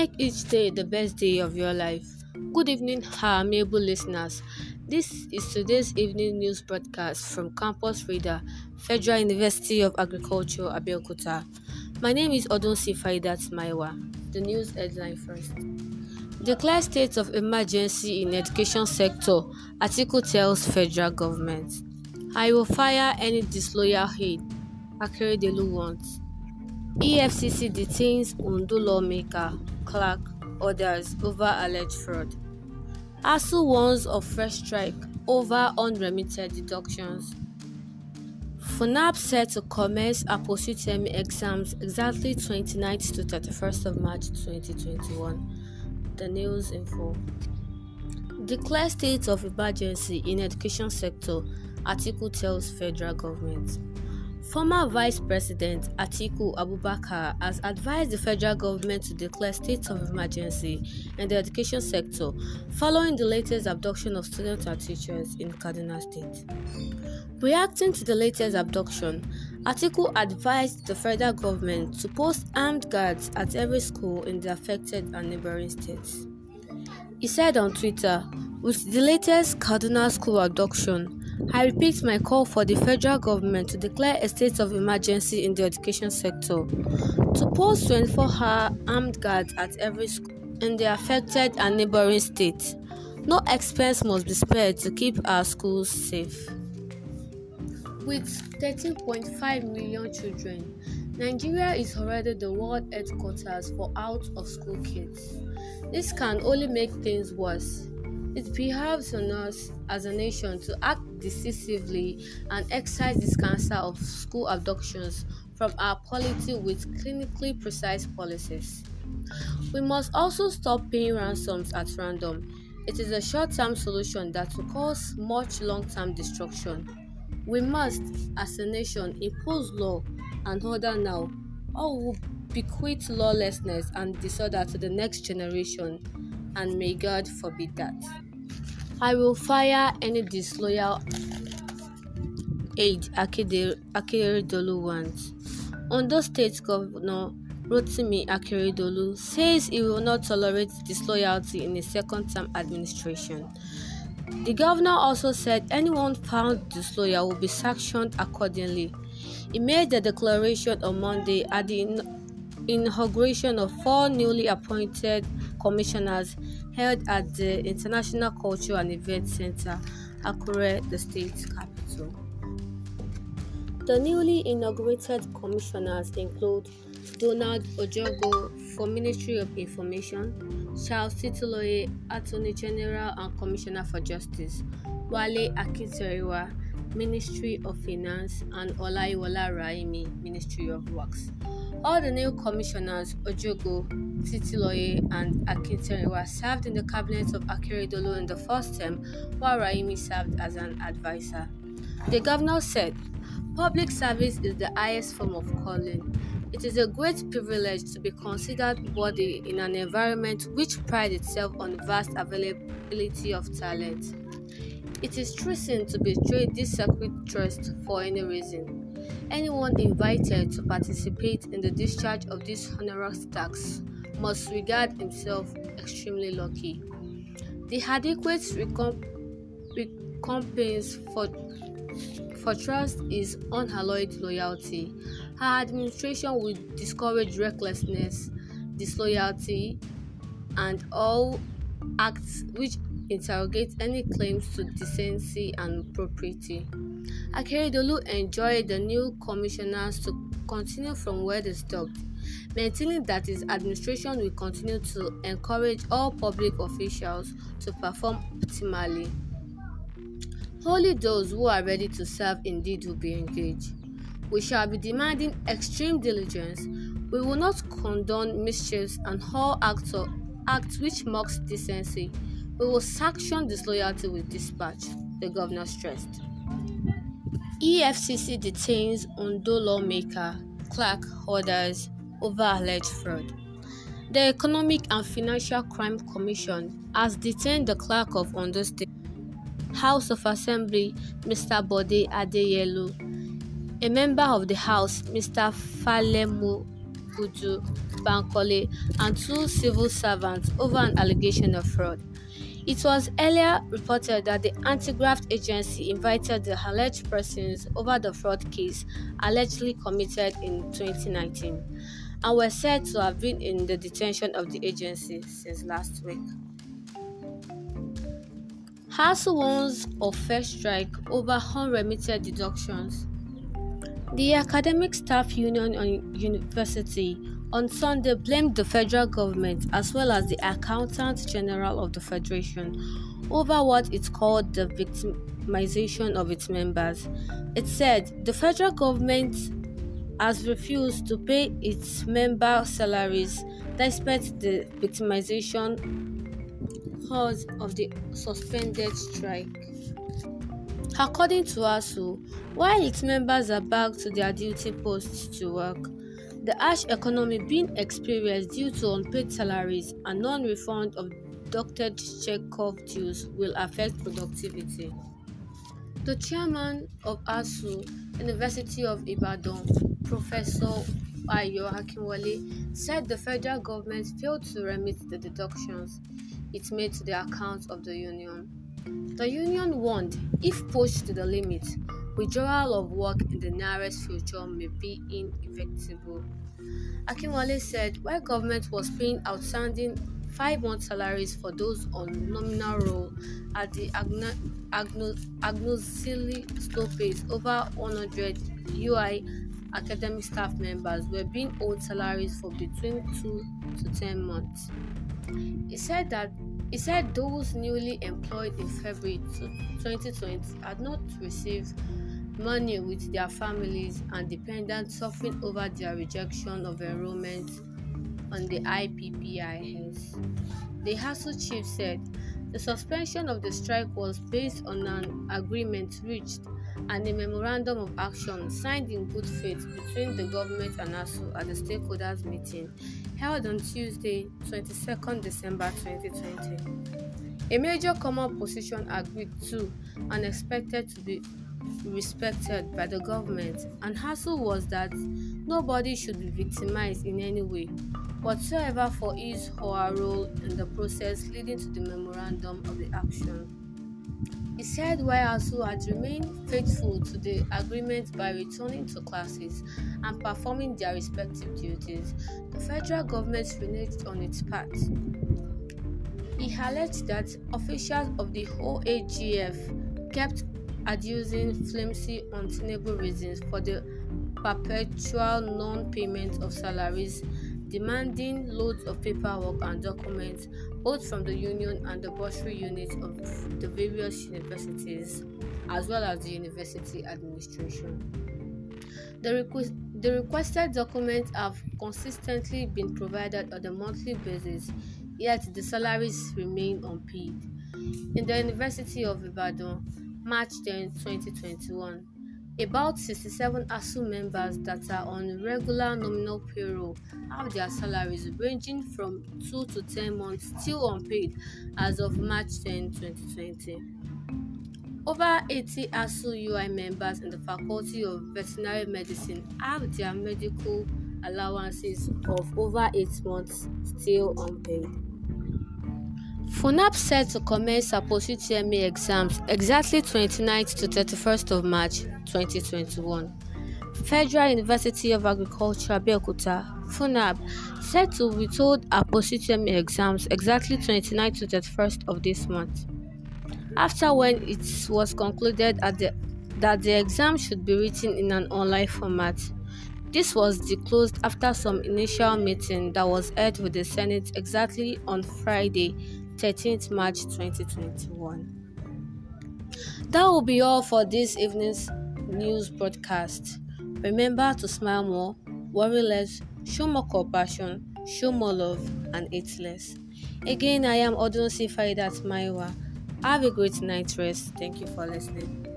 Make each day the best day of your life. Good evening, our amiable listeners. This is today's evening news broadcast from Campus Reader, Federal University of Agriculture, Abeokuta. My name is Odunsi Faidat Maiwa. The news headline first. Declare state of emergency in education sector, article tells federal government. I will fire any disloyal head. Akeredolu wants. EFCC detains Ondo lawmaker Clark orders over alleged fraud. ASU warns of fresh strike over unremitted deductions. FUNAP set to commence APOSU exams exactly 29th to 31st of March 2021. The news info. Declare state of emergency in education sector, article tells federal government. Former Vice President Atiku Abubakar has advised the federal government to declare states of emergency in the education sector following the latest abduction of students and teachers in Kaduna State. Reacting to the latest abduction, Atiku advised the federal government to post armed guards at every school in the affected and neighboring states. He said on Twitter, with the latest Kaduna school abduction, I repeat my call for the federal government to declare a state of emergency in the education sector, to post 24 hour armed guards at every school in the affected and neighboring states. No expense must be spared to keep our schools safe. With 13.5 million children, Nigeria is already the world headquarters for out of school kids. This can only make things worse. It behoves on us as a nation to act decisively and excise this cancer of school abductions from our polity with clinically precise policies. We must also stop paying ransoms at random. It is a short term solution that will cause much long term destruction. We must, as a nation, impose law and order now, or we will bequeath lawlessness and disorder to the next generation and may God forbid that. I will fire any disloyal aide Akeredolu wants. Ondo State Governor Rotimi Akeredolu says he will not tolerate disloyalty in a second term administration. The governor also said anyone found disloyal will be sanctioned accordingly. He made the declaration on Monday at the inauguration of four newly appointed commissioners held at the International Culture and Event Center, Accra, the state capital. The newly inaugurated commissioners include Donald Ojogo for Ministry of Information, Charles Tituloye, Attorney General and Commissioner for Justice, Wale Akinteriwa, Ministry of Finance, and Olaiwola Raimi, Ministry of Works. All the new commissioners, Ojogo, Titiloye, and were served in the cabinets of Akeredolu in the first term, while Raimi served as an advisor. The governor said, Public service is the highest form of calling. It is a great privilege to be considered worthy in an environment which prides itself on vast availability of talent. It is treason to betray this sacred trust for any reason. Anyone invited to participate in the discharge of this honorous tax must regard himself extremely lucky. The adequate recompense for, for trust is unalloyed loyalty. Her administration will discourage recklessness, disloyalty, and all acts which interrogate any claims to decency and propriety. Akeredolu enjoyed the new commissioners to continue from where they stopped, maintaining that his administration will continue to encourage all public officials to perform optimally. Only those who are ready to serve indeed will be engaged. We shall be demanding extreme diligence. We will not condone mischiefs and all acts, acts which mocks decency we will sanction disloyalty with dispatch, the governor stressed. EFCC detains Ondo lawmaker Clark holders over alleged fraud. The Economic and Financial Crime Commission has detained the clerk of Ondo State House of Assembly, Mr. Bode Adeyelu, a member of the House, Mr. Falemu Gudu Bankole, and two civil servants over an allegation of fraud. It was earlier reported that the anti graft agency invited the alleged persons over the fraud case allegedly committed in 2019 and were said to have been in the detention of the agency since last week. Hassel warns of first strike over unremitted deductions. The Academic Staff Union on University on Sunday blamed the federal government as well as the accountant general of the federation over what it called the victimization of its members. It said the federal government has refused to pay its member salaries despite the victimization cause of the suspended strike. According to ASU, while its members are back to their duty posts to work, the harsh economy being experienced due to unpaid salaries and non refund of deducted Chekhov dues will affect productivity. The chairman of ASU, University of Ibadan, Professor Ayo Hakimwale, said the federal government failed to remit the deductions it made to the accounts of the union. The union warned if pushed to the limit, withdrawal of work in the nearest future may be inevitable. Akinwale said while government was paying outstanding five-month salaries for those on nominal roll at the Agno, Agno, slow pace, over 100 UI academic staff members were being owed salaries for between 2 to 10 months. He said that he said those newly employed in February 2020 had not received money with their families and dependents suffering over their rejection of enrollment on the IPPIS. The Hassel chief said the suspension of the strike was based on an agreement reached and a memorandum of action signed in good faith between the government and ASU at the stakeholders meeting held on Tuesday, 22 December 2020. A major common position agreed to and expected to be respected by the government, and Hassel was that nobody should be victimized in any way whatsoever for his or her role in the process leading to the memorandum of the action. He said while Hassel had remained faithful to the agreement by returning to classes and performing their respective duties, the federal government reneged on its part. He alleged that officials of the OAGF kept adducing flimsy, untenable reasons for the perpetual non payment of salaries, demanding loads of paperwork and documents both from the union and the bursary units of the various universities, as well as the university administration. The, requ- the requested documents have consistently been provided on a monthly basis, yet the salaries remain unpaid. In the University of Ibadan, March 10, 2021. About 67 ASU members that are on regular nominal payroll have their salaries ranging from 2 to 10 months still unpaid as of March 10, 2020. Over 80 ASU UI members in the Faculty of Veterinary Medicine have their medical allowances of over 8 months still unpaid. FUNAP set to commence post UTME exams exactly 29th to 31st of March 2021. Federal University of Agriculture Abeokuta FUNAB set to withhold post UTME exams exactly 29th to 31st of this month. After when it was concluded the, that the exam should be written in an online format. This was disclosed after some initial meeting that was held with the Senate exactly on Friday, 13th March 2021. That will be all for this evening's news broadcast. Remember to smile more, worry less, show more compassion, show more love, and eat less. Again, I am Odun Sifaida Maiwa. Have a great night rest. Thank you for listening.